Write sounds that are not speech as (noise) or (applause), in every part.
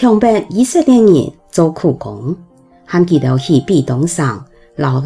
強迫以色列人做苦工，限上勞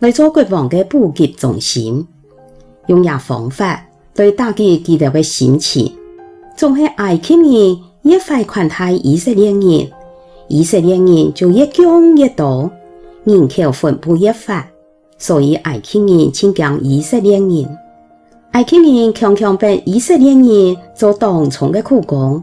為咗國王的補給中心，用野方法對打擊佢哋嘅心情。仲係埃及人越快群體以色列人，以色列人就越講越多，人口分布越發，所以埃及人請講以色列人，埃及人強迫被以色列人做當眾嘅苦工。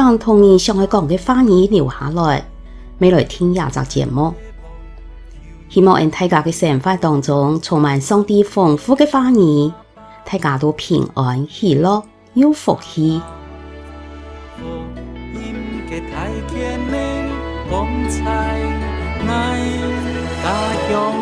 想同你想愛講嘅話語留下來，乜來聽這隻節目，希望因大家嘅生活當中充滿上帝豐富嘅話語，大家都平安喜樂有福氣。 (music)